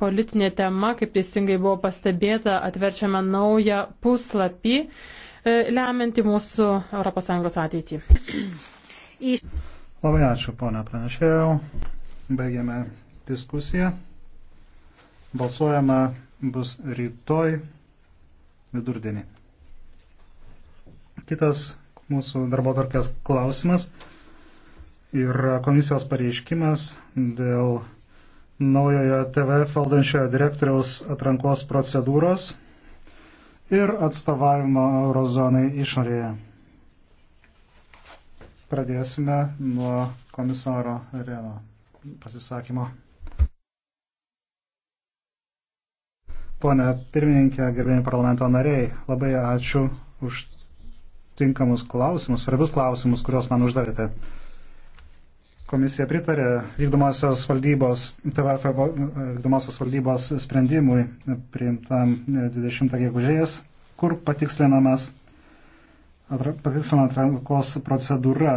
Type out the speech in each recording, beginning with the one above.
politinė tema, kaip teisingai buvo pastebėta, atverčiame naują puslapį, e, lemiantį mūsų ES ateitį. Labai ačiū, ponia pranešėjau. Baigėme diskusiją. Balsuojama bus rytoj vidurdienį. Kitas mūsų darbo tarkės klausimas yra komisijos pareiškimas dėl naujojo TVF valdančiojo direktoriaus atrankos procedūros ir atstovavimo eurozonai išorėje. Pradėsime nuo komisaro Reno pasisakymo. Pone pirmininkė, gerbėjai parlamento nariai, labai ačiū už tinkamus klausimus, svarbius klausimus, kuriuos man uždavėte. Komisija pritarė vykdomosios valdybos, TVF vykdomosios valdybos sprendimui priimtam 20 e, gegužės, kur patikslinamas patikslinama atrankos procedūra.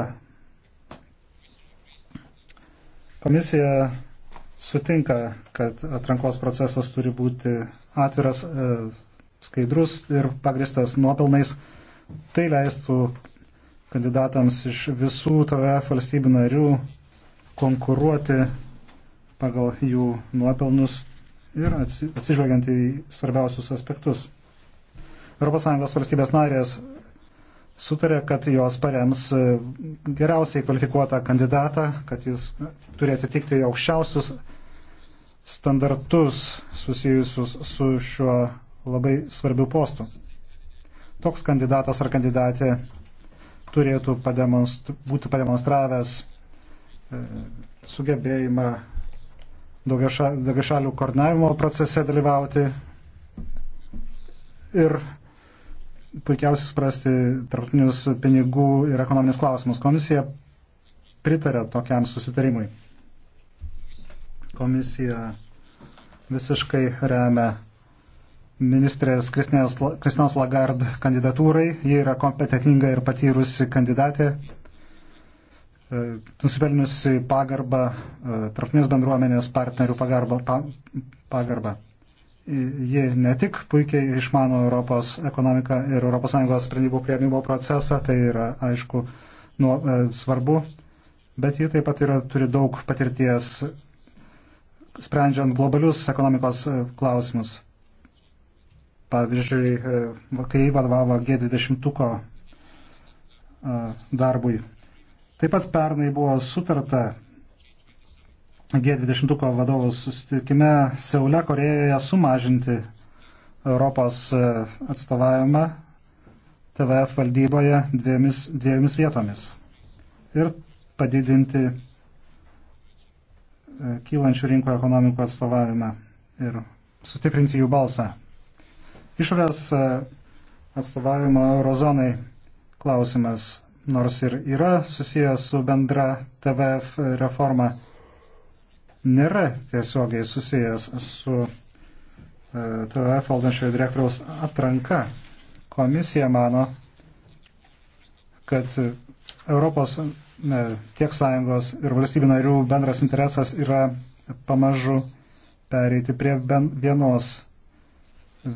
Komisija sutinka, kad atrankos procesas turi būti atviras, e, skaidrus ir pagristas nuopelnais. Tai leistų kandidatams iš visų TVF valstybių narių konkuruoti pagal jų nuopelnus ir atsižvelgiant į svarbiausius aspektus. ES valstybės narės sutarė, kad jos parems e, geriausiai kvalifikuotą kandidatą, kad jis turi atitikti aukščiausius standartus susijusius su šiuo labai svarbiu postu. Toks kandidatas ar kandidatė turėtų pademonstru, būti pademonstravęs E, sugebėjimą daugiašalių koordinavimo procese dalyvauti ir puikiausiai suprasti tarptautinius pinigų ir ekonominius klausimus. Komisija pritarė tokiam susitarimui. Komisija visiškai remia ministrės Kristinos Lagard kandidatūrai. Ji yra kompetitinga ir patyrusi kandidatė E, nusipelniusi pagarbą, e, tarpinės bendruomenės partnerių pagarbą. Pa, pagarbą. E, ji ne tik puikiai išmano Europos ekonomiką ir ES sprendimų prieimimo procesą, tai yra aišku nuo, e, svarbu, bet ji taip pat yra, turi daug patirties sprendžiant globalius ekonomikos klausimus. Pavyzdžiui, kai vadovavo G20 darbui Taip pat pernai buvo sutarta G20 vadovų susitikime Seule Korejoje sumažinti Europos e, atstovavimą TVF valdyboje dviemis, dviemis vietomis ir padidinti e, kylančių rinkų ekonomikų atstovavimą ir sustiprinti jų balsą. Išorės e, atstovavimo eurozonai klausimas nors ir yra susijęs su bendra TVF reforma, nėra tiesiogiai susijęs su e, TVF valdančiojo direktoriaus atranka. Komisija mano, kad Europos ne, tiek sąjungos ir valstybių narių bendras interesas yra pamažu pereiti prie bent vienos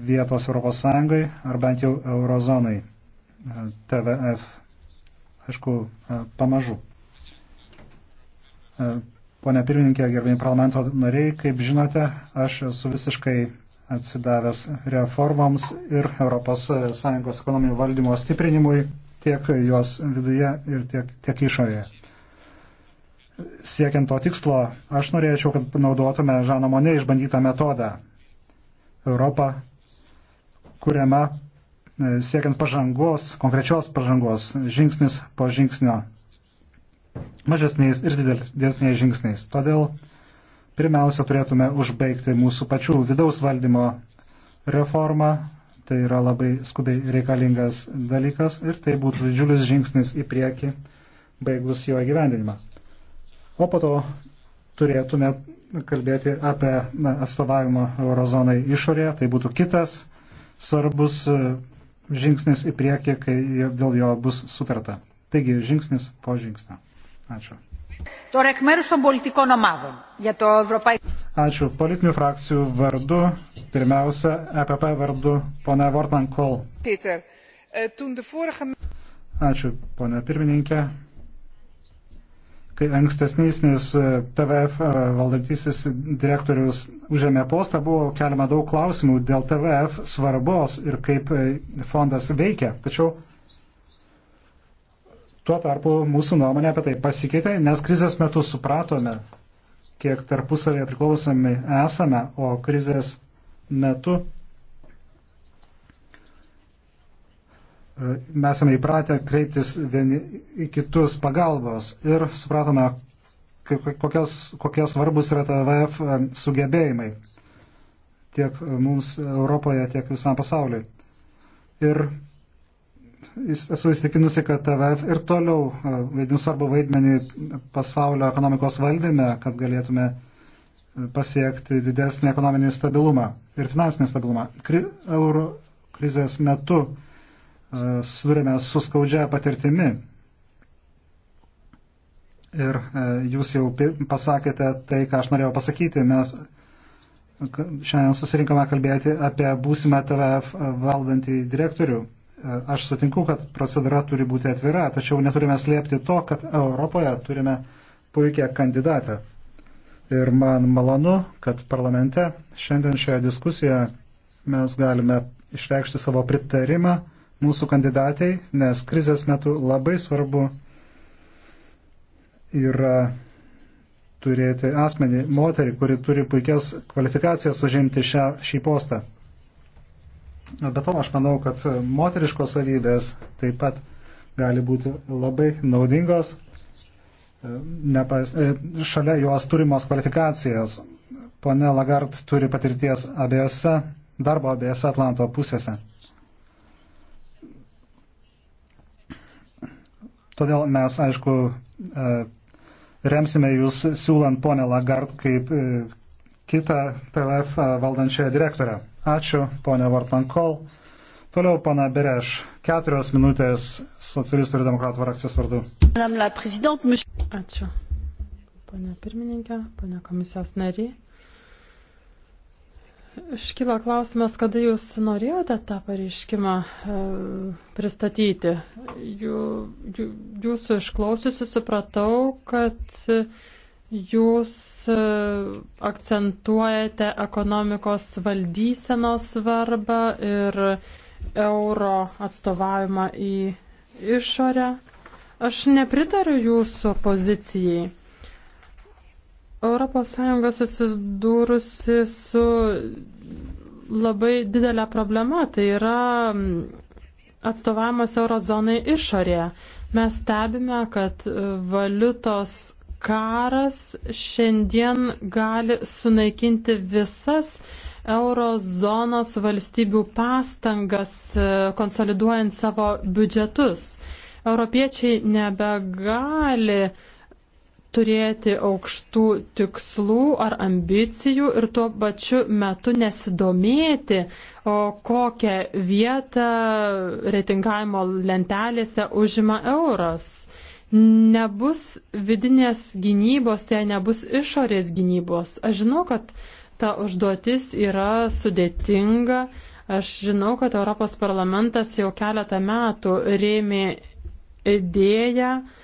vietos Europos Sąjungai ar bent jau eurozonai e, TVF aišku, e, pamažu. E, Pone pirmininkė, gerbėjai parlamento nariai, kaip žinote, aš esu visiškai atsidavęs reformoms ir ES ekonominių valdymo stiprinimui tiek jos viduje ir tiek, tiek išorėje. Siekiant to tikslo, aš norėčiau, kad panaudotume Žano Monė išbandytą metodą. Europa kuriama E, siekiant pažangos, konkrečios pažangos, žingsnis po žingsnio, mažesniais ir didesniais žingsniais. Todėl pirmiausia turėtume užbaigti mūsų pačių vidaus valdymo reformą, tai yra labai skubiai reikalingas dalykas ir tai būtų didžiulis žingsnis į priekį, baigus jo gyvendinimą. O po to turėtume kalbėti apie na, atstovavimo eurozonai išorėje, tai būtų kitas svarbus žingsnis į priekį, kai dėl jo bus sutarta. Taigi, žingsnis po žingsnio. Ačiū. Ačiū. Politinių frakcijų vardu, pirmiausia, EPP vardu, pona Vortman Kol. Ačiū, pone pirmininkė kai ankstesnis TVF e, e, valdantysis direktorius užėmė postą, buvo keliama daug klausimų dėl TVF svarbos ir kaip e, fondas veikia. Tačiau tuo tarpu mūsų nuomonė apie tai pasikeitė, nes krizės metu supratome, kiek tarpusavėje priklausomi esame, o krizės metu mes esame įpratę kreiptis vieni į kitus pagalbos ir supratome, kokios, kokie svarbus yra TVF e, sugebėjimai tiek mums Europoje, tiek visam pasauliu. Ir esu įstikinusi, kad TVF ir toliau e, vaidins svarbu vaidmenį pasaulio ekonomikos valdyme, kad galėtume e, pasiekti didesnį ekonominį stabilumą ir finansinį stabilumą. Kri, euro krizės metu E, susidurime su skaudžia patirtimi. Ir e, jūs jau pasakėte tai, ką aš norėjau pasakyti. Mes šiandien susirinkome kalbėti apie būsimą TVF valdantį direktorių. E, aš sutinku, kad procedūra turi būti atvira, tačiau neturime slėpti to, kad Europoje turime puikią kandidatę. Ir man malonu, kad parlamente šiandien šioje diskusijoje mes galime išreikšti savo pritarimą mūsų kandidatai, nes krizės metu labai svarbu yra turėti asmenį, moterį, kuri turi puikias kvalifikacijas užimti šią, šį postą. Be to, aš manau, kad moteriškos savybės taip pat gali būti labai naudingos, nepais, šalia jos turimos kvalifikacijos. Pone Lagart turi patirties abiejose, darbo abiejose Atlanto pusėse. Todėl mes, aišku, e, remsime jūs siūlant ponę Lagard kaip e, kitą TVF e, valdančiąją direktorę. Ačiū, ponė Vartankol. Toliau pana Bereš, keturios minutės socialistų ir demokratų frakcijos vardu. Ačiū. Pane pirmininkė, pane komisijos nariai. Iškyla klausimas, kada jūs norėjote tą pareiškimą e, pristatyti. Jų, jų, jūsų išklausiusi supratau, kad jūs e, akcentuojate ekonomikos valdysenos svarbą ir euro atstovavimą į išorę. Aš nepritariu jūsų pozicijai. ES susidūrusi su labai didelė problema, tai yra atstovavimas eurozonai išorėje. Mes stebime, kad valiutos karas šiandien gali sunaikinti visas eurozonos valstybių pastangas e, konsoliduojant savo biudžetus. Europiečiai nebegali uh, turėti aukštų tikslų ar ambicijų ir tuo pačiu metu nesidomėti, o kokią vietą reitingavimo lentelėse užima euras. Nebus vidinės gynybos, tai nebus išorės gynybos. Aš žinau, kad ta užduotis yra sudėtinga. Aš žinau, kad Europos parlamentas jau keletą metų rėmė idėją, uh,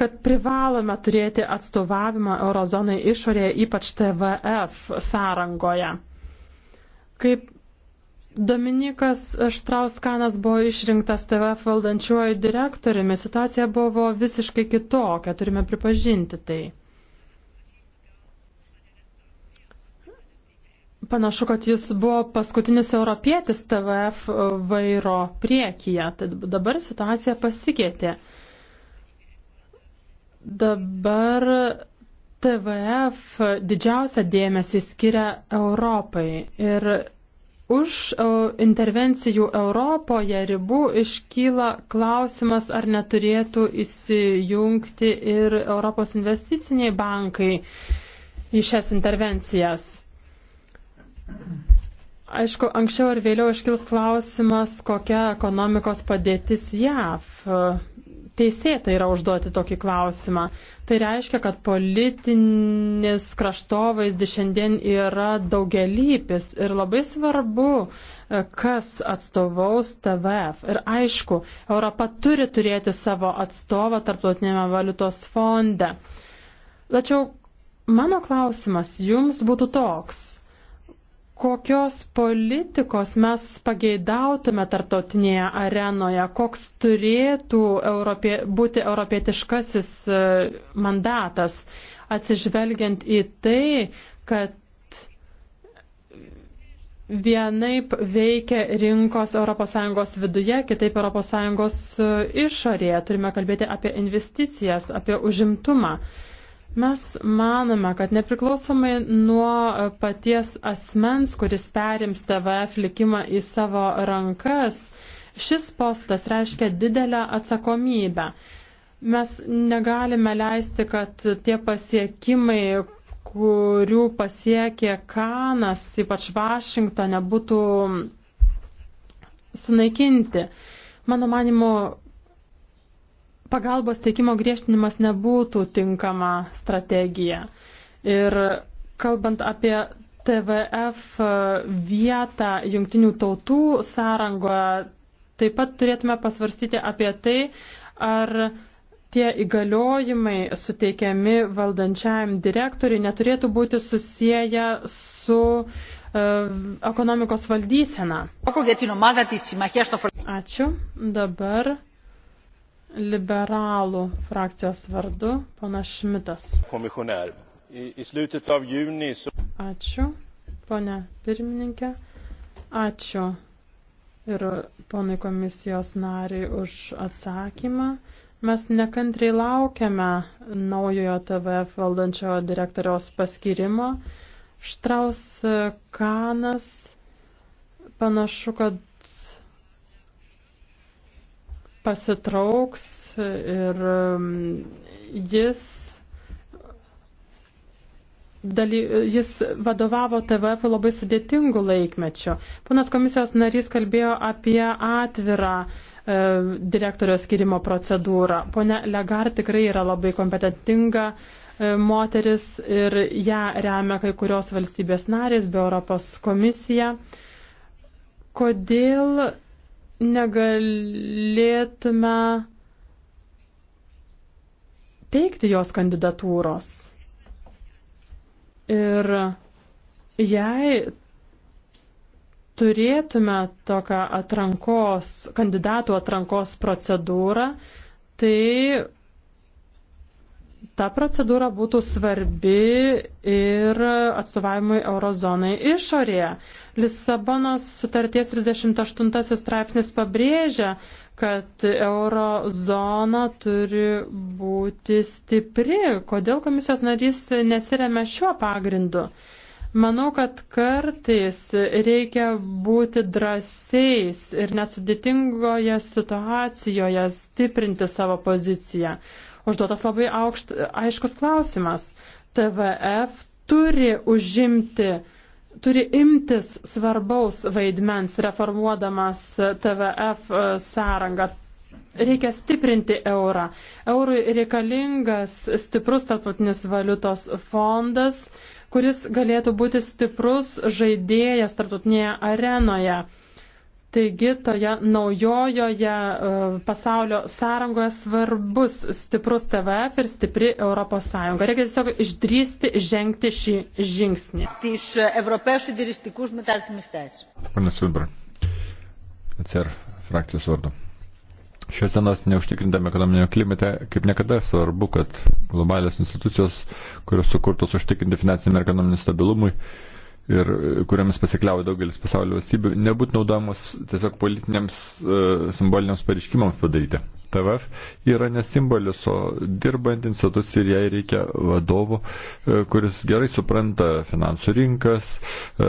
kad privalome turėti atstovavimą eurozonai išorėje, ypač TVF sąrangoje. Kaip Dominikas Štrauskanas buvo išrinktas TVF valdančiuoju direktoriumi, situacija buvo visiškai kitokia, turime pripažinti tai. Panašu, kad jis buvo paskutinis europietis TVF vairo priekyje, tad dabar situacija pasikeitė. Dabar TVF didžiausią dėmesį skiria Europai ir už e, intervencijų Europoje ribų iškyla klausimas, ar neturėtų įsijungti ir Europos investiciniai bankai į šias intervencijas. Aišku, anksčiau ar vėliau iškils klausimas, kokia ekonomikos padėtis JAV teisėta yra užduoti tokį klausimą. Tai reiškia, kad politinis kraštovaizdis šiandien yra daugelypis ir labai svarbu, e, kas atstovaus TVF. Ir aišku, Europa turi turėti savo atstovą tarptautinėme valiutos fonde. Tačiau mano klausimas jums būtų toks kokios politikos mes pageidautume tarptautinėje arenoje, koks turėtų europė, būti europietiškasis e, mandatas, atsižvelgiant į tai, kad vienaip veikia rinkos ES viduje, kitaip ES e, išorėje. Turime kalbėti apie investicijas, apie užimtumą. Mes manome, kad nepriklausomai nuo paties asmens, kuris perims TVF likimą į savo rankas, šis postas reiškia didelę atsakomybę. Mes negalime leisti, kad tie pasiekimai, kurių pasiekė Kanas, ypač Vašingtone, būtų sunaikinti. Mano manimo, pagalbos teikimo griežtinimas nebūtų tinkama strategija. Ir kalbant apie TVF e, vietą jungtinių tautų sąrangoje, taip pat turėtume pasvarstyti apie tai, ar tie įgaliojimai suteikiami valdančiajam direktoriui neturėtų būti susiję su e, ekonomikos valdysena. Ačiū. Dabar liberalų frakcijos vardu ponas Šmitas. Ačiū, ponė pirmininkė. Ačiū ir ponai komisijos nariai už atsakymą. Mes nekantriai laukiame naujojo TVF valdančiojo direktoriaus paskirimo. Štraus Kanas panašu, kad pasitrauks ir um, jis, daly, jis vadovavo TVF labai sudėtingų laikmečių. Panas komisijos narys kalbėjo apie atvirą e, direktorios skirimo procedūrą. Pone Legar tikrai yra labai kompetentinga e, moteris ir ją remia kai kurios valstybės narės bei Europos komisija. Kodėl negalėtume teikti jos kandidatūros. Ir jei turėtume tokią atrankos, kandidatų atrankos procedūrą, tai ta procedūra būtų svarbi ir atstovavimui eurozonai išorėje. Lisabonos sutarties 38 straipsnis pabrėžia, kad eurozona turi būti stipri. Kodėl komisijos narys nesiremia šiuo pagrindu? Manau, kad kartais reikia būti drąsiais ir net sudėtingoje situacijoje stiprinti savo poziciją užduotas labai aukšt, aiškus klausimas. TVF turi užimti, turi imtis svarbaus vaidmens reformuodamas TVF e, sąrangą. Reikia stiprinti eurą. Eurui reikalingas stiprus tarptautinis valiutos fondas, kuris galėtų būti stiprus žaidėjas tarptautinėje arenoje. Taigi toje naujojoje e, pasaulio sąrangoje svarbus stiprus TVF ir stipri Europos Sąjunga. Reikia tiesiog išdrysti žengti šį žingsnį. Iš Europos sudiristikų žmetartimis teisų. Pane Silbra, atsir frakcijos vardu. Šios dienos neužtikrindami ekonominio klimate, kaip niekada svarbu, kad globalios institucijos, kurios sukurtos užtikrinti finansiniam ir ekonominiam stabilumui, uh, ir e, kuriamis pasikliauja daugelis pasaulio valstybių, nebūtų naudojamos tiesiog politiniams e, simboliniams pareiškimams padaryti. TVF yra nesimbolis, o dirbant institucija ir jai reikia vadovo, e, kuris gerai supranta finansų rinkas, e,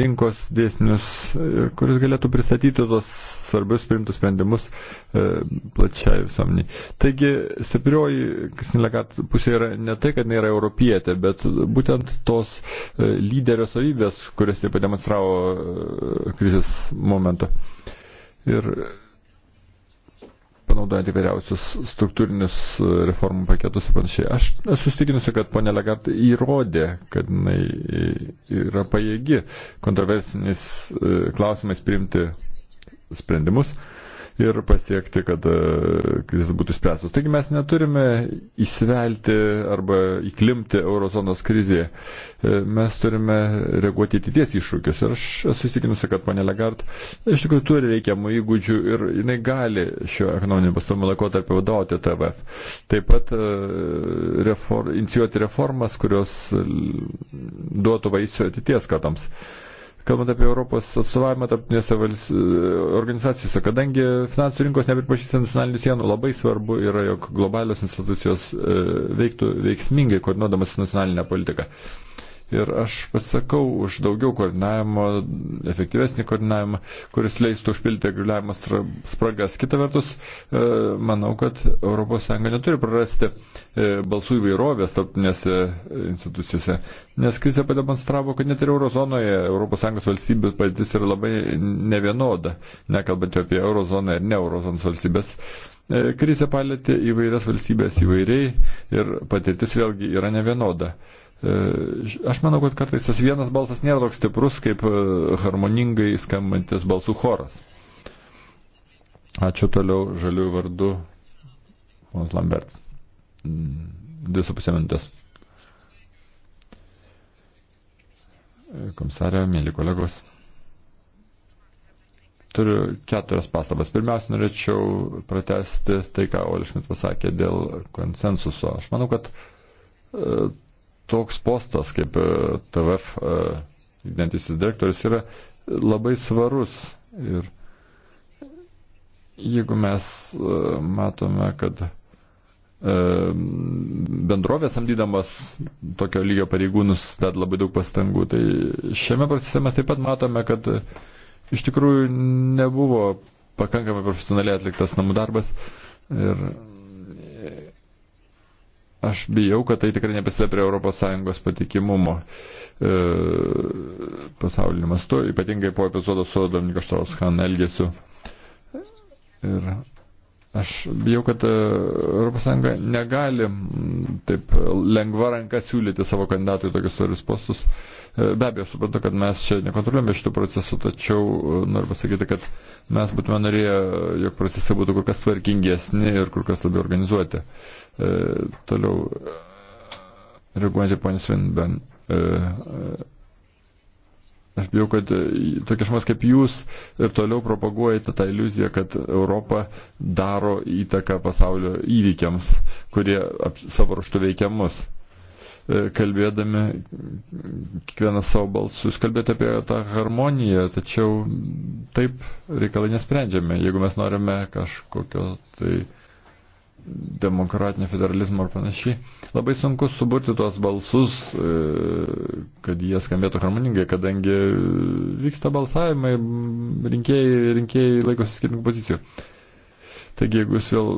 rinkos dėsnius, kuris galėtų pristatyti tos svarbius priimtus sprendimus e, plačiai visuomeniai. Taigi, stiprioji Kristinlegat pusė yra ne tai, kad nėra europietė, bet būtent tos lyderio savybės, kurias jie pademonstravo krizės momentu. Ir panaudojant įvairiausius struktūrinius e, reformų paketus ir panašiai. Aš esu stikinusi, kad ponė Legart įrodė, kad jinai e, yra pajėgi kontroversiniais e, klausimais priimti sprendimus. Uh, ir pasiekti, kad e, krizės būtų spręstos. Taigi mes neturime įsivelti arba įklimti eurozonos krizėje. E, mes turime reaguoti į ateities iššūkius. Ir aš esu įsitikinusi, kad panelė Gart iš tikrųjų turi reikiamų įgūdžių ir jinai gali šio ekonominio pastarimo laikotarpio vadovauti TVF. Taip pat e, refor, inicijuoti reformas, kurios duotų vaisių ateities kartams kalbant apie Europos atstovavimą tarptautinėse organizacijose, kadangi finansų rinkos nepripažįsta nacionalinių sienų, labai svarbu yra, jog globalios institucijos e, veiktų veiksmingai, koordinuodamas nacionalinę politiką. Uh, Ir aš pasakau už daugiau koordinavimo, efektyvesnį koordinavimą, kuris leistų užpildyti reguliavimo spragas. Kita vertus, e, manau, kad ES neturi prarasti e, balsų įvairovės tarptinėse institucijose, nes krizė pademonstravo, kad net ir eurozonoje ES valstybių padėtis yra labai nevienoda, nekalbant jau apie eurozoną ir ne eurozonos valstybės. E, krizė palėtė įvairias valstybės įvairiai ir patirtis vėlgi yra nevienoda. E, aš manau, kad kartais tas vienas balsas nėra toks stiprus, kaip e, harmoningai skambantis balsų choras. Ačiū toliau žaliųjų vardu, ponas Lamberts. Mm, dvi su pusė minutės. E, komisarė, mėly kolegos. Turiu keturias pastabas. Pirmiausia, norėčiau pratesti tai, ką Oliškint pasakė dėl konsensuso. Aš manau, kad toks postas kaip e, TVF e, vykdantisis direktorius yra labai svarus. Ir jeigu mes e, matome, kad bendrovės samdydamas tokio lygio pareigūnus dar labai daug pastangų, tai šiame procese mes taip pat matome, kad iš tikrųjų nebuvo pakankamai profesionaliai atliktas namų darbas. Ir Aš bijau, kad tai tikrai neprisideda prie ES patikimumo e, pasaulyniu mastu, ypatingai po epizodo su Dominiko Štrauskan elgesiu. Ir Aš bijau, kad ES negali taip lengva ranka siūlyti savo kandidatų į tokius svarius postus. E, be abejo, suprantu, kad mes čia nekontroliuojame šitų procesų, tačiau e, noriu pasakyti, kad mes būtume norėję, jog procesai būtų kur kas tvarkingesni ir kur kas labiau organizuoti. E, toliau, reaguojant į ponį Svinben. E, e, Aš bijau, kad e, tokie žmonės kaip jūs ir toliau propaguojate tą iliuziją, kad Europa daro įtaką pasaulio įvykiams, kurie savo ruštų veikiamus. E, kalbėdami kiekvieną savo balsų, jūs kalbėjote apie tą harmoniją, tačiau taip reikalai nesprendžiame. Jeigu mes norime kažkokio tai demokratinio federalizmo ir panašiai. Labai sunku suburti tuos balsus, e, kad jie skambėtų harmoningai, kadangi vyksta balsavimai, rinkėjai, rinkėjai laikosi skirtingų pozicijų. Taigi, jeigu jūs vėl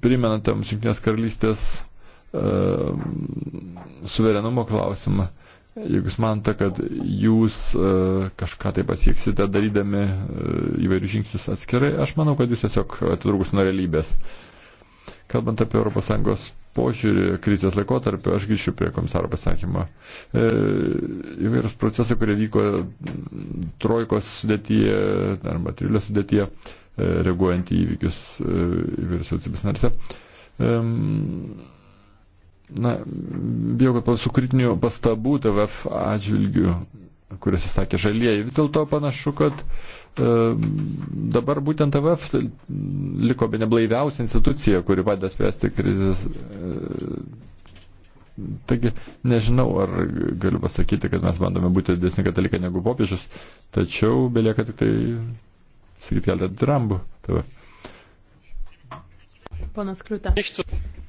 primenate mums Junktinės karalystės uh, suverenumo klausimą, jeigu jūs manote, kad jūs uh, kažką tai pasieksite darydami uh, įvairius žingsnius atskirai, aš manau, kad jūs tiesiog atitrūkus nuo realybės. Uh, Kalbant apie ES požiūrį krizės laikotarpiu, aš grįšiu prie komisaro pasakymo. E, įvairūs procesai, kurie vyko trojkos sudėtyje arba trilio sudėtyje, e, reaguojant į įvykius e, įvairius valstybės narse. E, na, bijau, kad po sukritinių pastabų TVF atžvilgių kuriuose sakė žalieji. Vis dėlto panašu, kad e, dabar būtent TVF liko be neblaiviausia institucija, kuri padeda spręsti krizės. E, taigi nežinau, ar galiu pasakyti, kad mes bandome būti didesni katalikai negu popiežius, tačiau belieka tik tai sakyti keletą drambų. TVF. Ponas Kliūtė.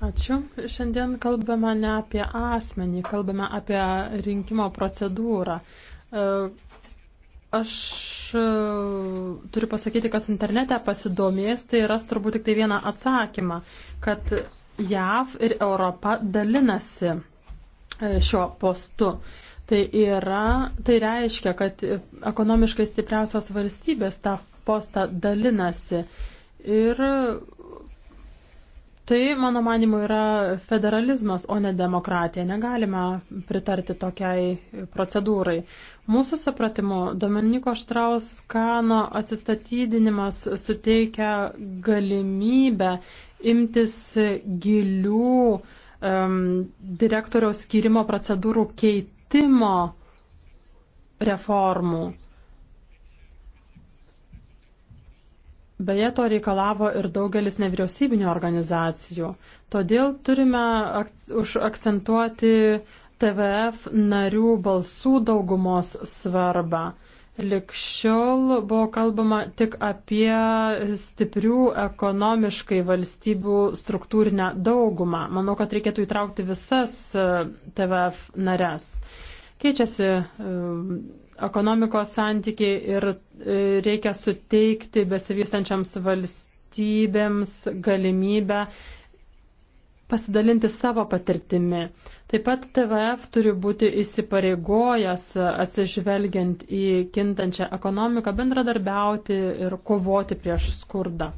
Ačiū. Šiandien kalbame ne apie asmenį, kalbame apie rinkimo procedūrą. E, aš e, turiu pasakyti, kas internete pasidomės, tai ras turbūt tik tai vieną atsakymą, kad JAV ir Europa dalinasi e, šio postu. Tai, yra, tai reiškia, kad ekonomiškai stipriausios valstybės tą postą dalinasi. Ir Tai, mano manimu, yra federalizmas, o ne demokratija. Negalime pritarti tokiai procedūrai. Mūsų supratimu, Dominiko Štrauskano atsistatydinimas suteikia galimybę imtis gilių um, direktoriaus skirimo procedūrų keitimo reformų. Beje, to reikalavo ir daugelis nevyriausybinio organizacijų. Todėl turime užakcentuoti TVF narių balsų daugumos svarbą. Likščiol buvo kalbama tik apie stiprių ekonomiškai valstybių struktūrinę daugumą. Manau, kad reikėtų įtraukti visas e, TVF nares. Keičiasi e, ekonomikos santykiai ir e, reikia suteikti besivystančiams valstybėms galimybę pasidalinti savo patirtimi. Taip pat TVF turi būti įsipareigojęs atsižvelgiant į kintančią ekonomiką bendradarbiauti ir kovoti prieš skurdą.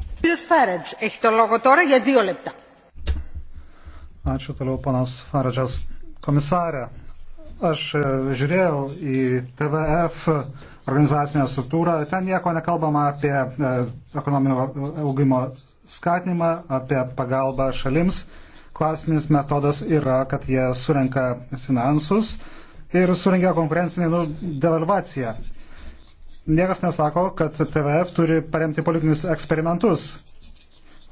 Ačiū toliau, panas Faradžas. Komisarė, Aš e, žiūrėjau į TVF organizacinę struktūrą, ten nieko nekalbama apie e, ekonominio augimo skatinimą, apie pagalbą šalims. Klasinis metodas yra, kad jie surenka finansus ir surengia konkurencinį nu, devalvaciją. Niekas nesako, kad TVF turi paremti politinius eksperimentus.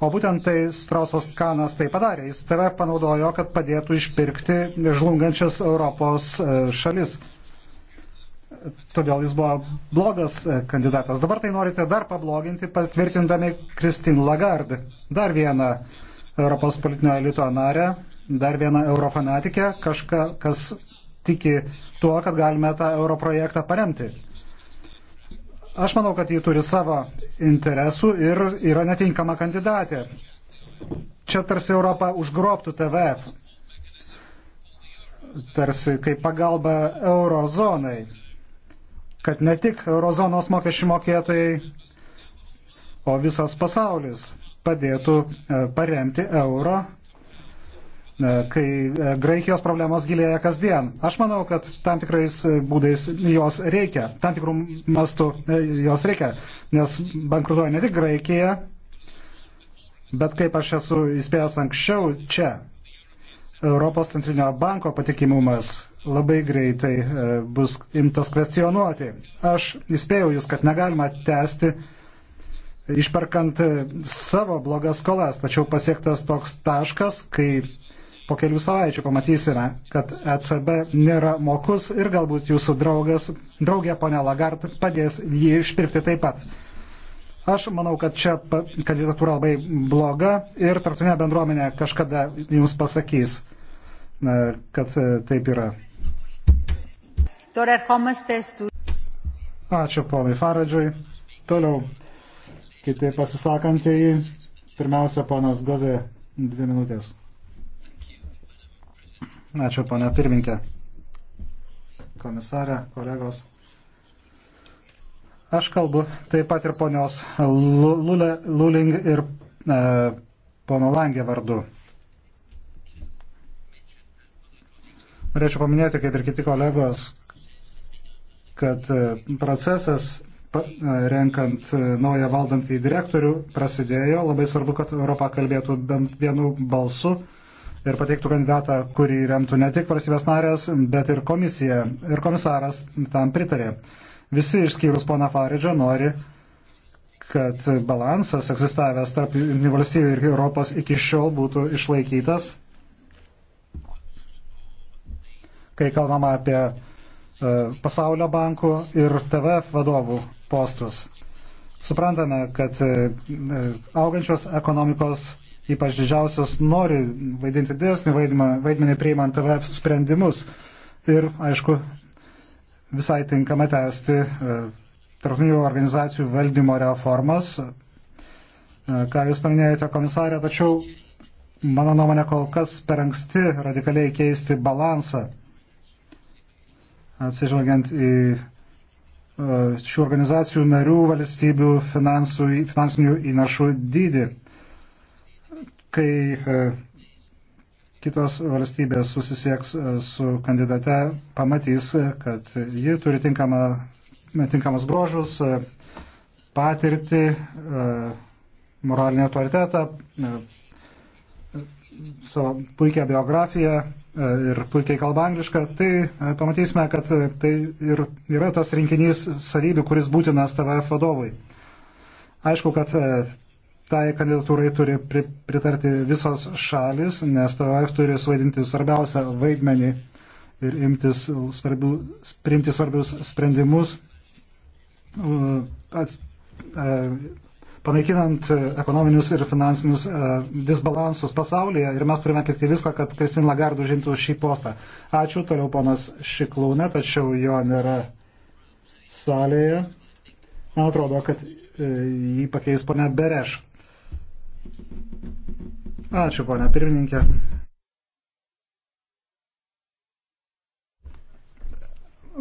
O būtent tai Strausas Kanas tai padarė. Jis tave panaudojo, kad padėtų išpirkti žlungančias Europos e, šalis. Todėl jis buvo blogas e, kandidatas. Dabar tai norite dar pabloginti, patvirtindami Kristin Lagarde. Dar vieną Europos politinio elito narę, dar vieną eurofanatikę, kažkas, kas tiki tuo, kad galime tą europrojektą paremti. Aš manau, kad ji turi savo interesų ir yra netinkama kandidatė. Čia tarsi Europa užgrobtų TVF, tarsi kaip pagalba eurozonai, kad ne tik eurozonos mokesčių mokėtojai, o visas pasaulis padėtų e, paremti euro E, kai e, Graikijos problemos gilėja kasdien. Aš manau, kad tam tikrais būdais jos reikia, tam tikrų mastų e, jos reikia, nes bankrutuoja ne tik Graikija, bet kaip aš esu įspėjęs anksčiau, čia Europos centrinio banko patikimumas labai greitai bus imtas kvestionuoti. Aš įspėjau jūs, kad negalima tęsti išperkant savo blogas skolas, tačiau pasiektas toks taškas, kai po kelių savaičių pamatysime, kad ECB nėra mokus ir galbūt jūsų draugas, draugė ponia Lagart padės jį išpirkti taip pat. Aš manau, kad čia kandidatūra labai bloga ir tarptautinė bendruomenė kažkada jums pasakys, kad e, taip yra. Ačiū ponui Faradžiui. Toliau kiti pasisakantieji. Pirmiausia, ponas Gozė, dvi minutės. Ačiū, ponia pirminkė. Komisarė, kolegos. Aš kalbu taip pat ir ponios Luling ir e, pono Langė vardu. Norėčiau paminėti, kaip ir kiti kolegos, kad e, procesas e, renkant e, naują valdantį direktorių prasidėjo. Labai svarbu, kad Europa kalbėtų bent vienu balsu ir pateiktų kandidatą, kurį remtų ne tik valstybės narės, bet ir komisija. Ir komisaras tam pritarė. Visi išskyrus pona Faridžą nori, kad balansas egzistavęs tarp valstybių ir Europos iki šiol būtų išlaikytas. Kai kalbama apie uh, pasaulio bankų ir TVF vadovų postus. Suprantame, kad uh, augančios ekonomikos ypač didžiausios, nori vaidinti didesnį vaidmenį priimant TVF sprendimus. Ir, aišku, visai tinkama tęsti e, tarptautinių organizacijų valdymo reformas, e, ką Jūs paminėjote, komisarė, tačiau, mano nuomonė, kol kas per anksti radikaliai keisti balansą, atsižvelgiant į e, šių organizacijų narių valstybių finansų, finansinių įnašų dydį kai e, kitos valstybės susisieks e, su kandidate, pamatys, e, kad ji turi tinkamą, tinkamas brožus, patirtį, moralinį autoritetą, savo puikią biografiją ir puikiai kalba anglišką, tai pamatysime, kad tai ir yra tas rinkinys savybių, kuris būtinas TVF vadovui. Aišku, kad tai kandidatūrai turi pritarti visos šalis, nes TVF turi suvaidinti svarbiausią vaidmenį ir imtis svarbių, priimti svarbius sprendimus, e, panaikinant ekonominius ir finansinius e, disbalansus pasaulyje. Ir mes turime atlikti viską, kad Kristin Lagard užimtų šį postą. Ačiū, toliau ponas Šiklūne, tačiau jo nėra salėje. Man atrodo, kad e, jį pakeis ponia Bereš. Ačiū, ponia pirmininkė.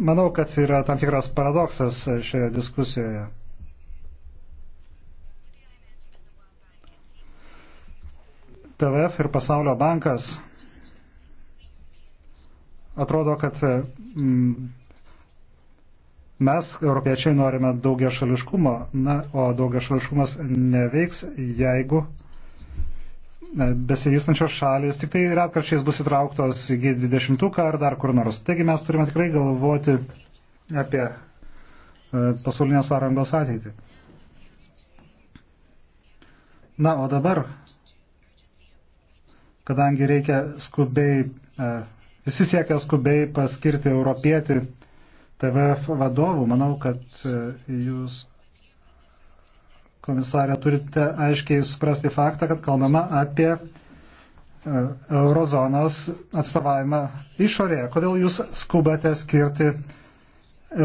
Manau, kad yra tam tikras paradoksas šioje diskusijoje. TVF ir Pasaulio bankas atrodo, kad mm, mes, europiečiai, norime daugia šališkumo, na, o daugia šališkumas neveiks, jeigu uh, besivystančios šalis tik tai retkarčiais bus įtrauktos į G20 ar dar kur nors. Taigi mes turime tikrai galvoti apie e, pasaulinės sąrangos ateitį. Na, o dabar, kadangi reikia skubiai, e, visi siekia skubiai paskirti europietį TVF vadovų, manau, kad e, jūs komisarė, turite aiškiai suprasti faktą, kad kalbama apie e, eurozonos atstovavimą išorėje. Kodėl jūs skubate skirti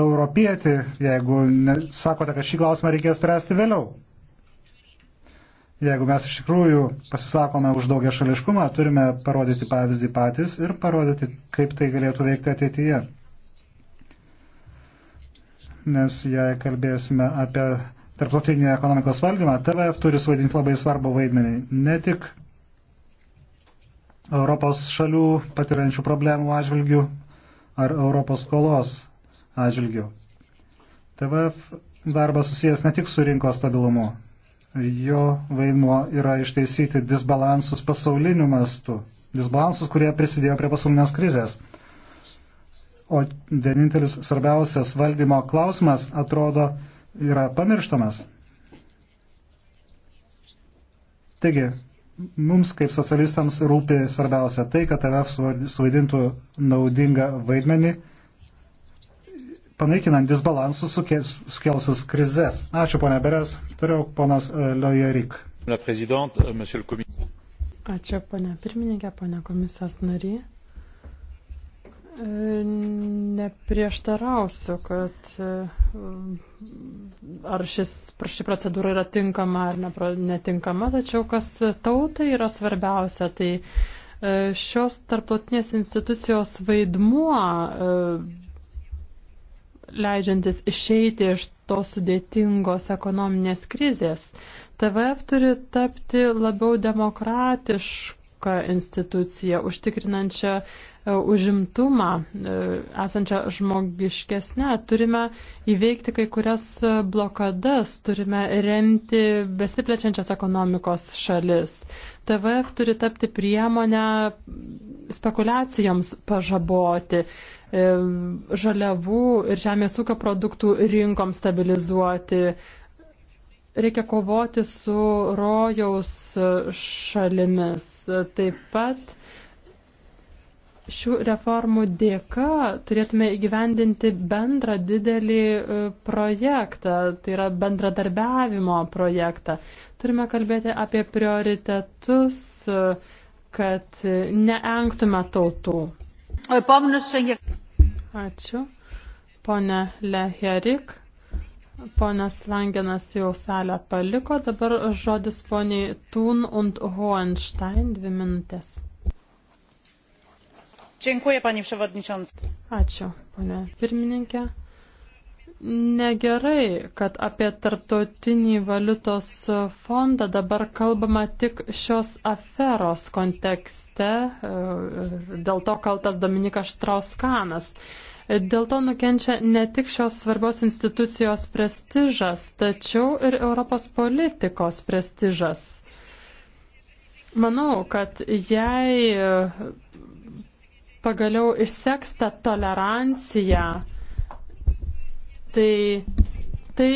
europietį, jeigu ne, sakote, kad šį klausimą reikės spręsti vėliau? Jeigu mes iš tikrųjų pasisakome už daugia šališkumą, turime parodyti pavyzdį patys ir parodyti, kaip tai galėtų veikti ateityje. Nes jei kalbėsime apie tarptautinį ekonomikos valdymą, TVF turi suvaidinti labai svarbu vaidmenį. Ne tik Europos šalių patiriančių problemų atžvilgių ar Europos skolos atžvilgių. TVF darbas susijęs ne tik su rinkos stabilumu. Jo vaidmuo yra išteisyti disbalansus pasauliniu mastu. Disbalansus, kurie prisidėjo prie pasaulinės krizės. O vienintelis svarbiausias valdymo klausimas atrodo yra pamirštamas. Taigi, mums kaip socialistams rūpi svarbiausia tai, kad TVF suvaidintų naudingą vaidmenį, panaikinant disbalansus sukelsus krizės. Ačiū, ponia Beres. Turiu ponas e, Lojerik. Euh, Ačiū, ponia pirmininkė, ponia komisijos nariai. E, neprieštarausiu, kad e, ar šis, ši procedūra yra tinkama ar nepra, netinkama, tačiau kas tautai yra svarbiausia, tai e, šios tarptautinės institucijos vaidmuo e, leidžiantis išeiti iš tos sudėtingos ekonominės krizės. TVF turi tapti labiau demokratišką instituciją, užtikrinančią E, užimtumą e, esančią žmogiškesnę, turime įveikti kai kurias e, blokadas, turime remti besiplečiančias ekonomikos šalis. TVF turi tapti priemonę spekulacijoms pažaboti, žaliavų ir žemės ūkio produktų rinkom stabilizuoti. Reikia kovoti su rojaus šalimis. Taip pat šių reformų dėka turėtume įgyvendinti bendrą didelį e, projektą, tai yra bendradarbiavimo projektą. Turime kalbėti apie prioritetus, e, kad neengtume tautų. Ačiū. Pone Leherik, ponas Langenas jau salę paliko, dabar žodis poniai Tun und Hohenstein dvi minutės. Dziękuję, panie przewodniczący. Ačiū, ponė pirmininkė. Negerai, kad apie tarptautinį valiutos fondą dabar kalbama tik šios aferos kontekste, e, dėl to kaltas Dominikas Štrauskanas. Dėl to nukenčia ne tik šios svarbios institucijos prestižas, tačiau ir Europos politikos prestižas. Manau, kad jei pagaliau išseks tą toleranciją, tai tai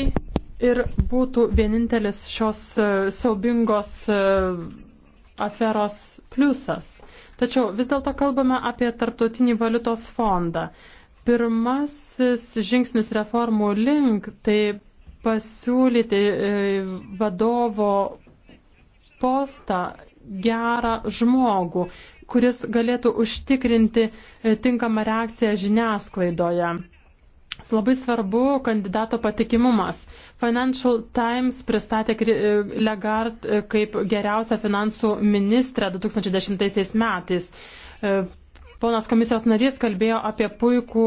ir būtų vienintelis šios e, siaubingos e, aferos pliusas. Tačiau vis dėlto kalbame apie Tarptautinį valiutos fondą. Pirmasis žingsnis reformų link tai pasiūlyti e, vadovo postą gerą žmogų, kuris galėtų užtikrinti e, tinkamą reakciją žiniasklaidoje. Labai svarbu kandidato patikimumas. Financial Times pristatė e, Legard e, kaip geriausią finansų ministrę 2010 metais. Ponas komisijos narys kalbėjo apie puikų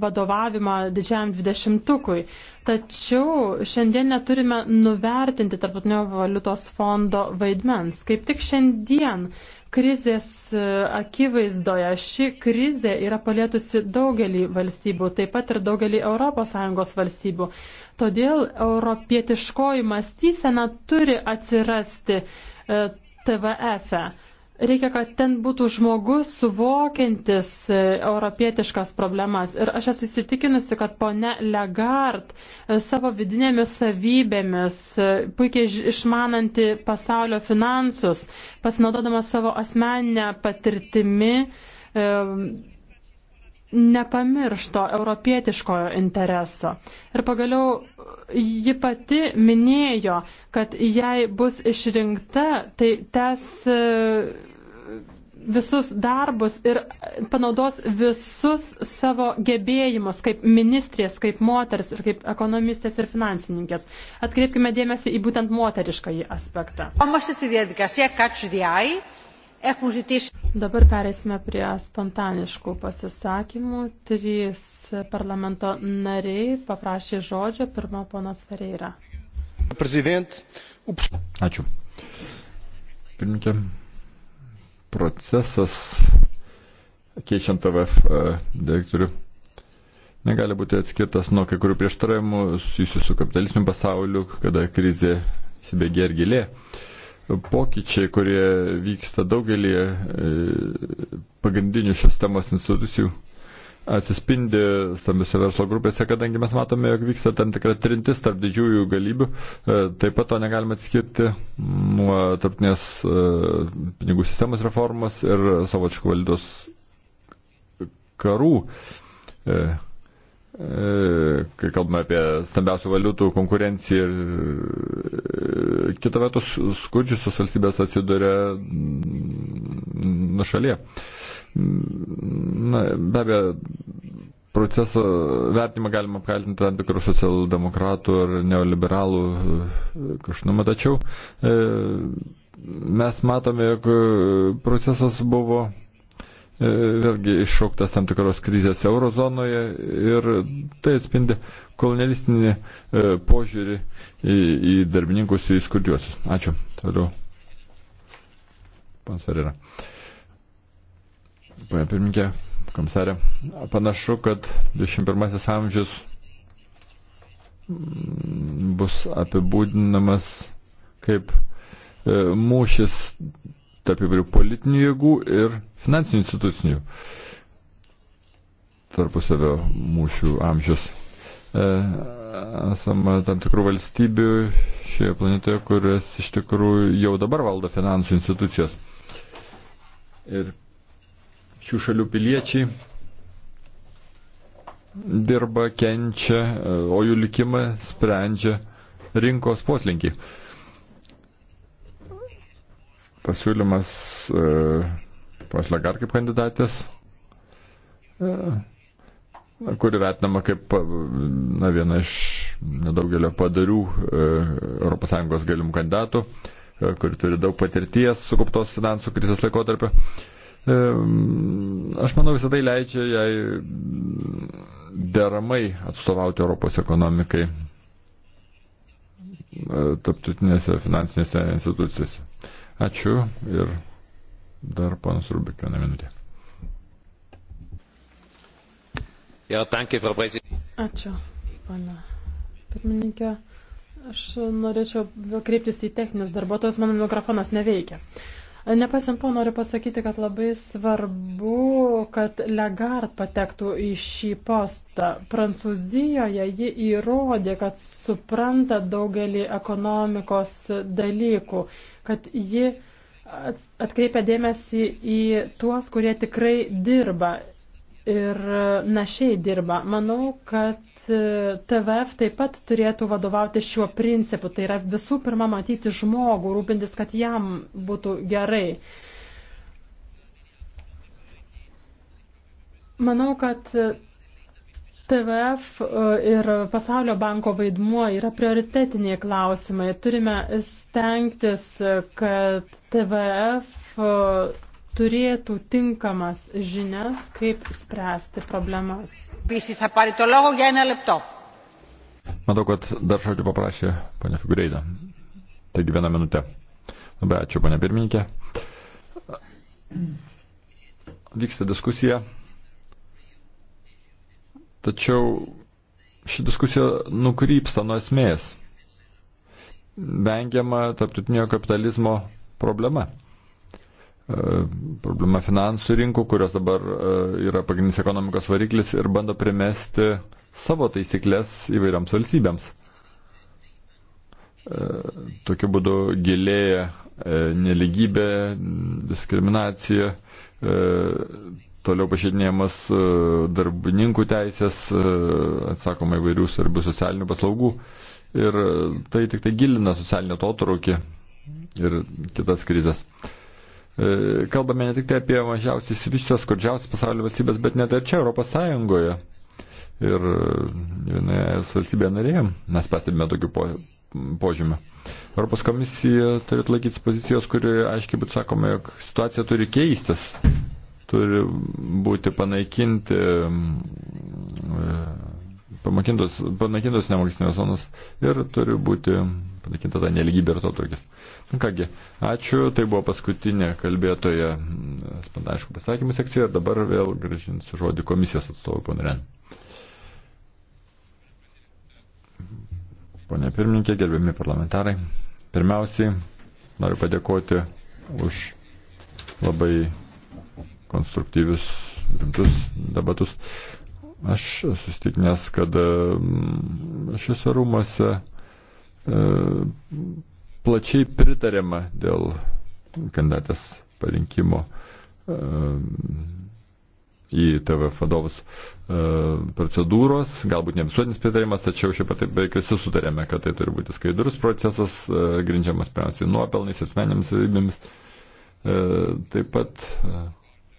vadovavimą didžiajam dvidešimtukui. Tačiau šiandien neturime nuvertinti Tarptautinio valiutos fondo vaidmens. Kaip tik šiandien krizės e, akivaizdoje ši krizė yra palėtusi daugelį valstybių, taip pat ir daugelį ES valstybių. Todėl europietiškoji mąstysena turi atsirasti TVF. E. Reikia, kad ten būtų žmogus suvokiantis e, europietiškas problemas. Ir aš esu įsitikinusi, kad ponia Legard e, savo vidinėmis savybėmis, e, puikiai išmananti pasaulio finansus, pasinaudodama savo asmeninę patirtimi, nepamiršto europietiškojo intereso. Ir pagaliau ji pati minėjo, kad jei bus išrinkta, tai tęs e, visus darbus ir panaudos visus savo gebėjimus kaip ministrės, kaip moters ir kaip ekonomistės ir finansininkės. Atkreipkime dėmesį į būtent moteriškąjį aspektą. Dabar perėsime prie spontaniškų pasisakymų. Trys parlamento nariai paprašė žodžio. Pirma, ponas Ferreira. Ačiū. Pirmininkė, procesas keičiant TVF e, direktorių negali būti atskirtas nuo kai kurių prieštaravimų susijusių su kapitalistiniu pasauliu, kada krizė įsibėgė ir gilė. Uh, pokyčiai, kurie vyksta daugelį e, pagrindinių šios temos institucijų, atsispindi stambiose verslo grupėse, kadangi mes matome, jog vyksta tam tikra trintis tarp didžiųjų galybių, e, taip pat to negalime atskirti nuo tarptinės e, pinigų sistemos reformos ir savočių valdos karų kai kalbame apie stambiausių valiutų konkurenciją ir e, kitą vertus skurdžiusios valstybės atsiduria nušalie. Na, be abejo, proceso vertimą galima apkaltinti tam tikrų socialdemokratų ar neoliberalų e, kažnumą, tačiau e, mes matome, jog procesas buvo E, vėlgi iššauktas tam tikros krizės eurozonoje ir tai atspindi kolonialistinį e, požiūrį į, į darbininkus ir į skurdžiuosius. Ačiū. Toliau. Pansarė. Pane pirmininkė, komisarė, panašu, kad 21 amžius bus apibūdinamas kaip e, mūšis tarp įvairių politinių jėgų ir finansinių institucijų tarpusavio mūšių amžius. E, esame tam tikrų valstybių šioje planetoje, kurias iš tikrųjų jau dabar valdo finansų institucijos. Ir šių šalių piliečiai dirba, kenčia, e, o jų likimą sprendžia rinkos poslinkiai pasiūlymas e, ponios Lagar kaip kandidatės, e, kuri vertinama kaip na, viena iš nedaugelio padarių ES galimų kandidatų, e, kuri turi daug patirties sukauptos finansų krizės laikotarpio. Aš manau, visą tai leidžia jai deramai atstovauti Europos ekonomikai tarptautinėse finansinėse institucijose. Ačiū ir dar panas Rubik vieną minutę. Ja, danke, Ačiū, pana pirmininkė. Aš norėčiau kreiptis į techninius darbuotojus, mano mikrofonas neveikia. Uh, Nepaisant to, noriu pasakyti, kad labai svarbu, kad Legard patektų į šį postą. Prancūzijoje ji įrodė, kad supranta daugelį ekonomikos dalykų, kad ji atkreipia dėmesį į tuos, kurie tikrai dirba ir e, našiai dirba. Manau, kad e, TVF taip pat turėtų vadovauti šiuo principu. Tai yra visų pirma matyti žmogų, rūpintis, kad jam būtų gerai. Manau, kad e, TVF ir Pasaulio banko vaidmuo yra prioritetiniai klausimai. Turime stengtis, kad TVF turėtų tinkamas žinias, kaip spręsti problemas. Matau, kad dar žodžiu paprašė ponia Figureida. Taigi vieną minutę. Labai ačiū, ponia pirmininkė. Vyksta diskusija. Tačiau ši diskusija nukrypsta nuo esmės. Vengiama tarptautinio kapitalizmo problema. E, problema finansų rinkų, kurios dabar e, yra pagrindinis ekonomikos variklis ir bando primesti savo taisyklės įvairioms valstybėms. E, tokiu būdu gilėja neligybė, diskriminacija, toliau pažeidinėjamas darbininkų teisės, atsakoma įvairių svarbių socialinių paslaugų ir tai tik tai gilina socialinę totraukį ir kitas krizės. Uh, E, kalbame ne tik tai apie mažiausiai įsivyščios, skurdžiausias pasaulio valstybės, bet net ir čia Europos Sąjungoje. Ir vienoje valstybėje narėje mes pastebime tokių po, požymių. Europos komisija turėtų laikytis pozicijos, kurioje aiškiai būtų sakoma, jog situacija turi keistis, turi būti panaikinti mm, e, pamakintos, panaikintos nemokestinės zonos ir turi būti panaikinta ta neligybė ir to tokis. Na nu kągi, ačiū, tai buvo paskutinė kalbėtoja mm, spontaniškų pasakymų sekcija ir dabar vėl gražinsiu žodį komisijos atstovui, ponė Ren. Pone pirmininkė, gerbiami parlamentarai, pirmiausiai noriu padėkoti už labai konstruktyvius, rimtus debatus. Aš sustiknęs, kad mm, šiuose rūmose e, plačiai pritarėma dėl kandidatės parinkimo e, į TV vadovus e, procedūros, galbūt ne visuotinis pritarimas, tačiau šiaip pat beveik visi sutarėme, kad tai turi būti skaidrus procesas, grindžiamas pirmiausiai nuopelnais, asmenėmis savybėmis. Taip pat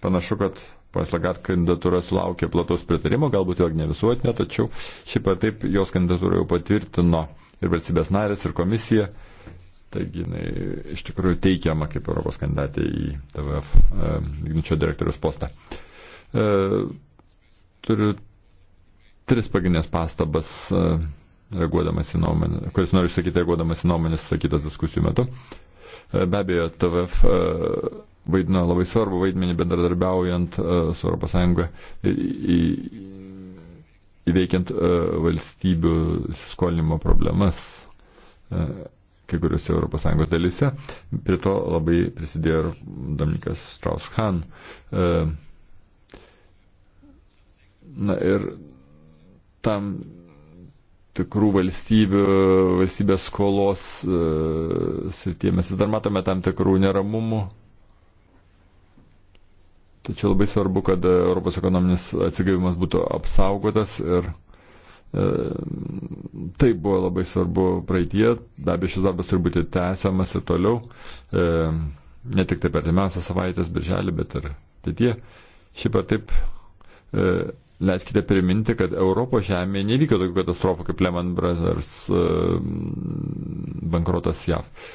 panašu, kad Ponas Lagat kandidatūra sulaukė platos pritarimo, galbūt vėlgi ne visuotinė, tačiau šiaip ar taip jos kandidatūrą jau patvirtino ir valstybės narės, ir komisija. Taigi jinai iš tikrųjų teikiama kaip Europos kandidatė į TVF e, igničio direktorius postą. E, turiu tris pagrindinės pastabas, e, reaguodamas į nuomonę, kuris noriu išsakyti reaguodamas į nuomonės sakytas diskusijų metu. E, be abejo, TVF e, vaidino labai svarbu vaidmenį bendradarbiaujant e, su ES įveikiant e, valstybių skolinimo problemas e, kai kuriuose ES dalyse. Prie to labai prisidėjo ir Dominikas Strauss-Hahn. Na ir tam tikrų valstybių, valstybės skolos srityje mes vis dar matome tam tikrų neramumų, Tačiau labai svarbu, kad e, Europos ekonominis atsigavimas būtų apsaugotas ir e, Tai buvo labai svarbu praeitie, be abejo šis darbas turi būti tęsiamas ir toliau, e, ne tik tai per artimiausią savaitės birželį, bet ir ateitie. Šiaip ar taip, leiskite priminti, kad Europos žemėje nevyko tokių katastrofų kaip Lehman Brothers bankrotas JAV.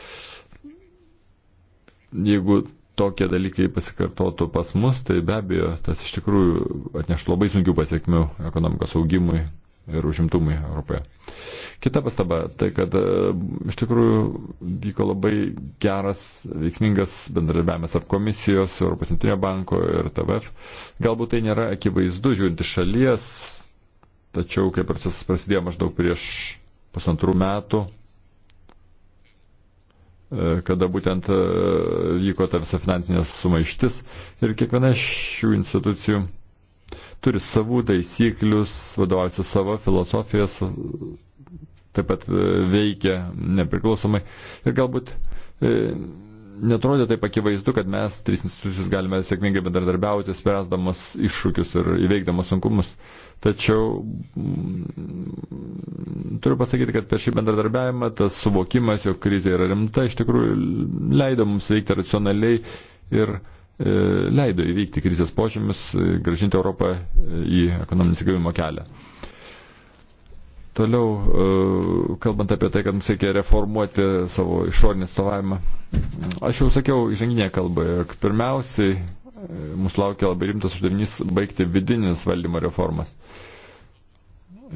Jeigu tokie dalykai pasikartotų pas mus, tai be abejo, tas iš tikrųjų atneš labai sunkių pasiekmių ekonomikos augimui ir užimtumui Europoje. Kita pastaba, tai kad e, iš tikrųjų vyko labai geras, veiksmingas bendradarbiavimas tarp komisijos, Europos centrinio banko ir TVF. Galbūt tai nėra akivaizdu žiūrint iš šalies, tačiau kai procesas prasidėjo maždaug prieš pusantrų metų, kada būtent e, vyko ta visa finansinė sumaištis ir kiekviena šių institucijų turi savų taisyklius, vadovaujasi savo filosofijas, taip pat e, veikia nepriklausomai ir galbūt e, netrodė taip akivaizdu, kad mes, trys institucijos, galime sėkmingai bendradarbiauti, spręsdamas iššūkius ir įveikdamas sunkumus. Tačiau m, mm, turiu pasakyti, kad per šį bendradarbiavimą tas suvokimas, jog krizė yra rimta, iš tikrųjų leido mums veikti racionaliai ir e, leido įveikti krizės požymius, e, gražinti Europą e, į ekonominį įsigavimo kelią. Toliau, e, kalbant apie tai, kad mums reikia reformuoti savo išorinį savavimą, aš jau sakiau įžanginėje kalboje, jog pirmiausiai e, mūsų laukia labai rimtas uždavinys baigti vidinis valdymo reformas.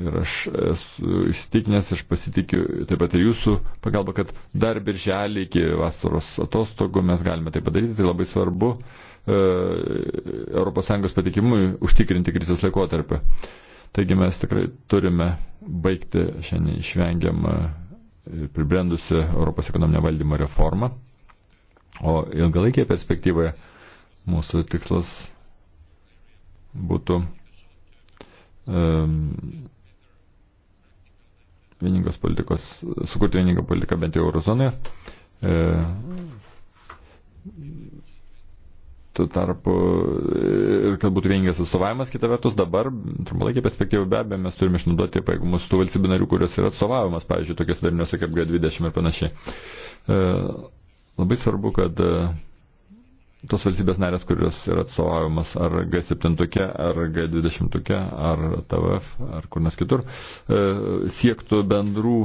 Ir aš esu įsitikinęs, aš pasitikiu taip pat ir jūsų pagalba, kad dar birželį iki vasaros atostogų mes galime tai padaryti, tai labai svarbu e, ES patikimui užtikrinti krizės laikotarpį. E, Taigi mes tikrai turime baigti šiandien išvengiamą ir pribrendusi Europos ekonominio valdymo reforma. O ilgalaikėje perspektyvoje mūsų tikslas būtų um, vieningos politikos, sukurti vieningą politiką bent jau eurozonoje. E, Tuo tarpu e, ir kad būtų vieningas atstovavimas, kita vertus dabar, trumpalaikė perspektyva be abejo, mes turime išnaudoti pajėgumus tų valstybių narių, kurios yra atstovavimas, pavyzdžiui, tokiuose dariniuose kaip G20 ir panašiai. E, labai svarbu, kad e, tos valstybės narės, kurios yra atstovavimas ar G7, ar G20, ar TVF, ar kur nors kitur, e, siektų bendrų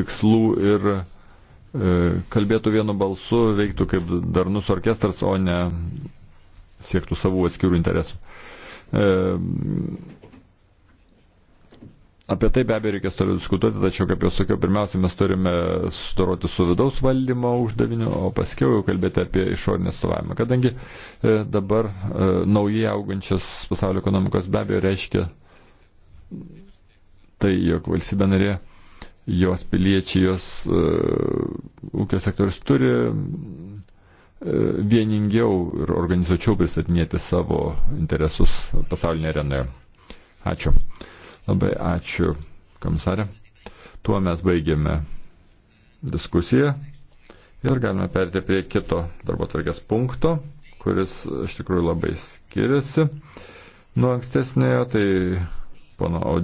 tikslų ir e, kalbėtų vienu balsu, veiktų kaip darnus orkestras, o ne siektų savų atskirų interesų. E, Apie tai be abejo reikės toliau diskutuoti, tačiau, kaip jau sakiau, pirmiausia, mes turime sudoroti su vidaus valdymo uždaviniu, o paskiau jau kalbėti apie išorinę stovavimą. Kadangi e, dabar e, naujai augančias pasaulio ekonomikos be abejo reiškia tai, jog valstybė narė, jos piliečiai, jos e, ūkio sektorius turi E, vieningiau ir organizuočiau pristatinėti savo interesus pasaulinėje arenoje. Ačiū. Labai ačiū, komisarė. Tuo mes baigėme diskusiją ir galime perėti prie kito darbo tvarkės punkto, kuris iš tikrųjų labai skiriasi nuo ankstesnėjo, tai pono Audė.